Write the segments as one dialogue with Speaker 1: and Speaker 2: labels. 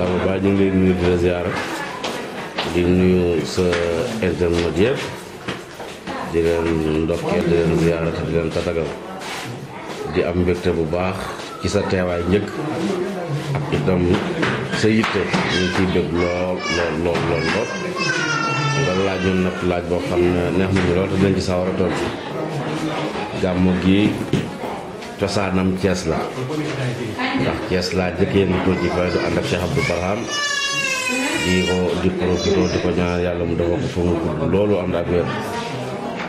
Speaker 1: Samba Ba ñu ngi ziara di nuyu sa internet yëpp di leen ndokkeel di leen ziara te di leen tatagal di am mbégte bu baax ci sa teewaay njëkk ak itam sa yitte ñu ciy bég lool lool lool lool nga laaj ñun nag laaj boo xam ne neex nañu lool te dinañ ci sawar a tontu gàmmu gi cosaanam cees la ndax Thiès laa jëkkee ni ko ji faydu ànd ak Cheikh yàlla mu dafa ko fa mu gudd loolu ànd ak wér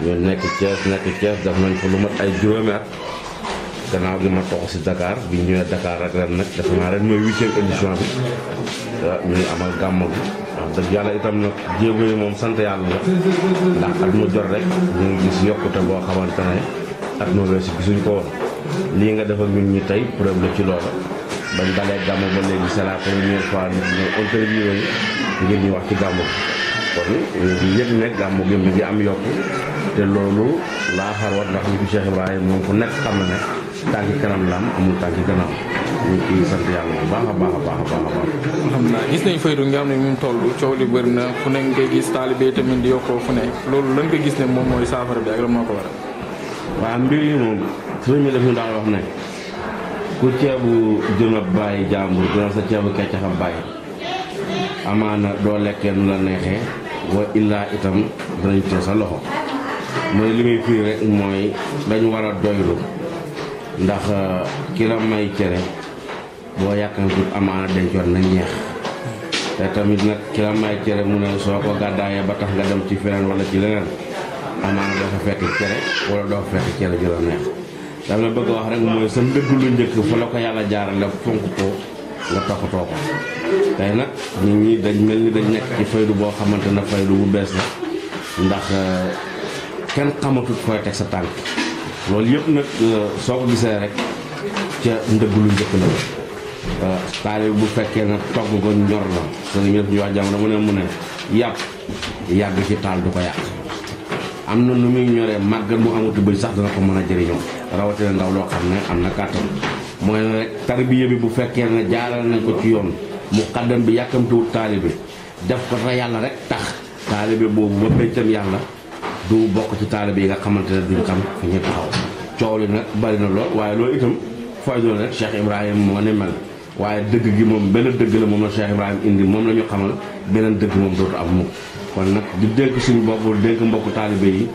Speaker 1: ñu nekk Thiès nekk Thiès daf nañ fa lu mat ay juróomi at gannaaw gi ma tox si dakaar bi ñu ñëwee Dakar ak ren nag defe naa ren mooy huitième édition bi ñu ngi amal gàmmu gi wax dëgg yàlla itam nag jéego yi moom sant yàlla la ndax at mu jot rek ñu ngi gis yokkute boo xamante ne at mu weesu ko woon lii nga def ak ñun ñu tey preuve la ci loolu bañ dalee gàmmu ba léegi c'est la première fois ñu interviewé ngir ñu wax ci gàmmu kon ñu yëg ne gàmmu gi mu ngi am yokku te loolu laa xarwat ndax ñu ko Cheikh Ibrahima moom ku nekk na ne tànki la am amul tànki kanam a a baax a baax a baax. xam naa gis nañ Fayda ne moom toll coow li bëri na fu ne nga gis taalibe tamit di yokkoo fu ne loolu gis moom mooy saafara bi ak la moo ko waral. waaw mbir yi moom. sëriñ bi daf ñu daan wax ne ku ceebu jën a bàyyi jàmbur gënal sa ceebu keccax a bàyyi amaana doo lekkee nu la neexee wa illaa itam danañ tëj sa loxo mooy li muy rek mooy dañ wara a doylu ndax eh, ki la may cere boo yàkkamtul amaana dencoon na ñeex te tamit nag ki la cere mu ne soo ko gàddaayee ba tax nga dem ci feneen wala ci leneen amaana doo fa fekk cere wala doo fa fekk cere ju neex dama la bëgg a wax rek mooy sa mbëgg lu njëkk fa la ko yàlla jaarale fonk ko nga toppatoo ko tey nag nit ñi dañ mel ni dañ nekk ci faydu boo xamante ne faydu bu bees la ndax eh, kenn xamatut fooy teg sa tànk loolu yëpp nag eh, soo ko gisee rek ca ndëgg lu njëkk la eh, taalibe bu fekkee nag togg ko ñor la te ñu def ñu wax jamono mu ne mu ne yàpp yàgg ci taal du ko yàq am na nu muy ñoree màgg mu amatu bëj sax dana ko mën a jëriñoo rawatina ndaw loo xam ne am na kàttan mooy ne rek tarbiya bi bu fekkee ne jaaral nañ ko ci yoon mu xaddam bi yàkkamtiwut taalibe def ko te yàlla rek tax taalibe boobu ba béytam yàlla du bokk ci taalibe yi nga xamante ne duñ xam fi ñu taxaw coow li nag bari na lool waaye loolu itam fay doon rek Cheikh Ibrahima moo ne mel waaye dëgg gi moom benn dëgg la moom la Cheikh Ibrahima indi moom la ñu xamal beneen dëgg moom dootu am mukk kon nag di dénk suñu bopp dénk mbokku taalibe yi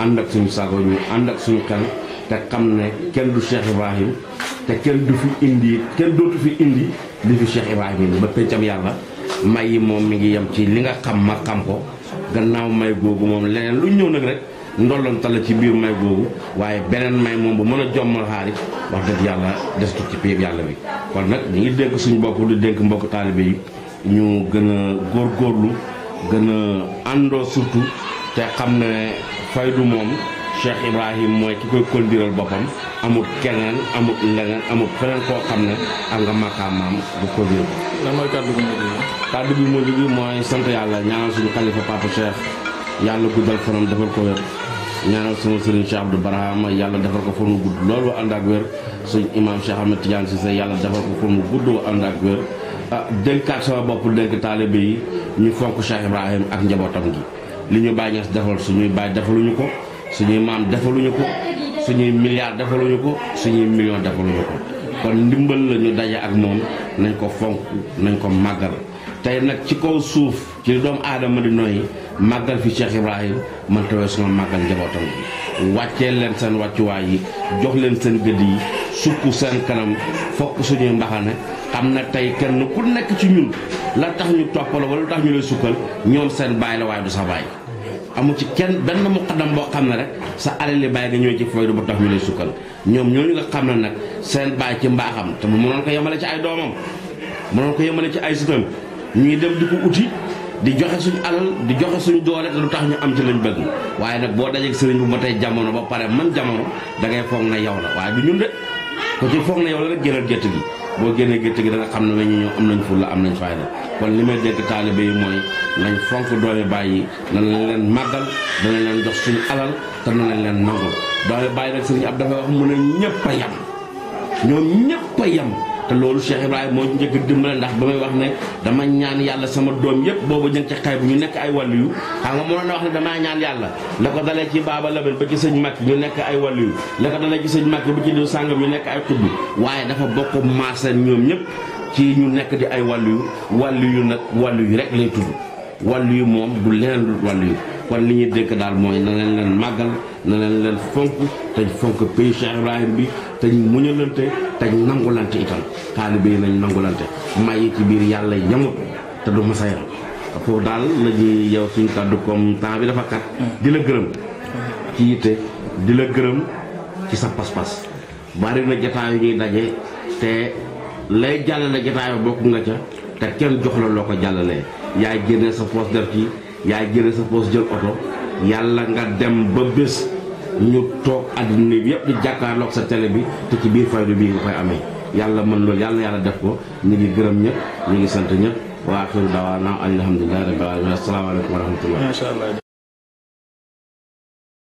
Speaker 1: ànd ak suñu sago ñu ànd suñu xel te xam ne kenn du Cheikh Ibrahim te kenn du fi indi kenn dootu fi indi li fi Cheikh Ibrahim indi ba pencam yàlla may yi moom mi ngi yem ci li nga xam ma xam ko gannaaw may googu moom leneen lu ñëw nag rek ndollonta la ci biir may googu waaye beneen may moom bu mën a jommal xaalis wax dëgg yàlla desul ci biir yàlla bi kon nag ñu ngi dénk suñu bopp di dénk mbokk taalibe yi ñu gën a góorgóorlu gën a àndoo surtout te xam ne faydu moom Cheikh Ibrahim mooy ki koy kondiral boppam amul keneen amul leneen amul feneen koo xam ne am nga maqaamaam bu kondiral ko. lan mooy kàddu gu bi. kàddu gu mujj bi mooy sant yàlla ñaanal suñu xalifa Papa Cheikh yàlla guddal fanam defal ko wér ñaanal sama sëriñ Cheikh Abdou Barahama yàlla defal ko fan wu gudd loolu wa ànd ak wér suñ am na Ahmed si Cissé yàlla defal ko fan wu gudd wa ànd ak wér ah dénkaat sama bopp dénk taalibe yi ñu fonk Cheikh Ibrahim ak njabootam gi ko. suñuy maam defaluñu ko suñuy milliards defaluñu ko suñuy millions defaluñu ko kon ndimbal la ñu daje ak moom nañ ko fonk nañ ko màggal tey nag ci kaw suuf ci li doomu aadama di noyyi màggal fi Cheikh Ibrahima man tawee suma màggal njabootam wàccee leen seen wàccuwaay yi jox leen seen gëdd yi sukk seen kanam fokk suñuy mbaxane xam na tey kenn ku nekk ci ñun la tax ñu toppal wala lu tax ñu lay sukkal ñoom seen baay la waaye du sa baay amu ci kenn benn muqaddam boo xam ne rek sa alali bàyyi nga ñëw ci faydu bu tax ñu lay sukkal ñoom ñooñu nga xam ne nag seen bàyyi ci mbaaxam te mu mënoon ko yamale ci ay doomam mënoon ko yemale ci ay sëtam ñuy dem di ko uti di joxe suñ alal di joxe suñ doole te lu tax ñu am ci lañ bëgg waaye nag boo dajeeg sëriñ bu ma tey jamono ba pare man jamono da ngay foog na yow la waaye du ñun de ko ci foog na yow la rek gënal gerte gi boo génnee gétt gi da nga xam ne weñ ñoom am nañ fulla am nañ fayda kon li may dégg taalibe yi mooy nañ fonk doomi bàyyi danañ leen màggal danañ leen jox suñu alal te nañ leen nangul doomi bàyyi rek sëriñ ab dafa wax mu ne ñëpp a yem ñoom ñëpp a yem te loolu Cheikh Ibrahima moo njëkk a dimbale ndax ba may wax ne dama ñaan yàlla sama doom yëpp booba jën ca xay bu ñu nekk ay wàllu yu xam nga mënoon na wax ne damaa ñaan yàlla la ko dalee ci baaba label ba ci sëñ Makki ñu nekk ay wàllu yu la ko dalee ci sëñ Makki ba ci diw sàngam ñu nekk ay xutbi waaye dafa bokk maaseen ñoom ñëpp ci ñu nekk di ay wàllu yu wàllu yu nag wàllu yu rek lay tudd wàllu yu moom du leneen lu wàllu yu kon li ñuy dénk daal mooy na leen leen màggal na leen leen fonk te fonk pays Cheikh Ibrahim bi te muñalante te nangulante itam taalibe yi nañ nangulante may ci biir yàlla yamut te du masa yam foofu daal la ñuy yow suñ kàddu comme temps bi dafa kat di la gërëm ci yitte di la gërëm ci sa pas-pas bari na jataay yu ñuy daje te lay jàllale jataay bokk nga ca te kenn jox la loo ko jàllalee yaay génne sa poos def ci yaa jële sa poos jël oto yàlla nga dem ba bés ñu toog adduna bi yëpp di jàkkaarloog sa tele bi te ci biir faydu bii nga koy amee yàlla mën loolu yàlla yàlla def ko ñu ngi gërëm ñëpp ñu ngi sant ñëpp waa axiru dawaana alhamdulilahi rabbil alamin asalaamaaleykum wa rahmatullah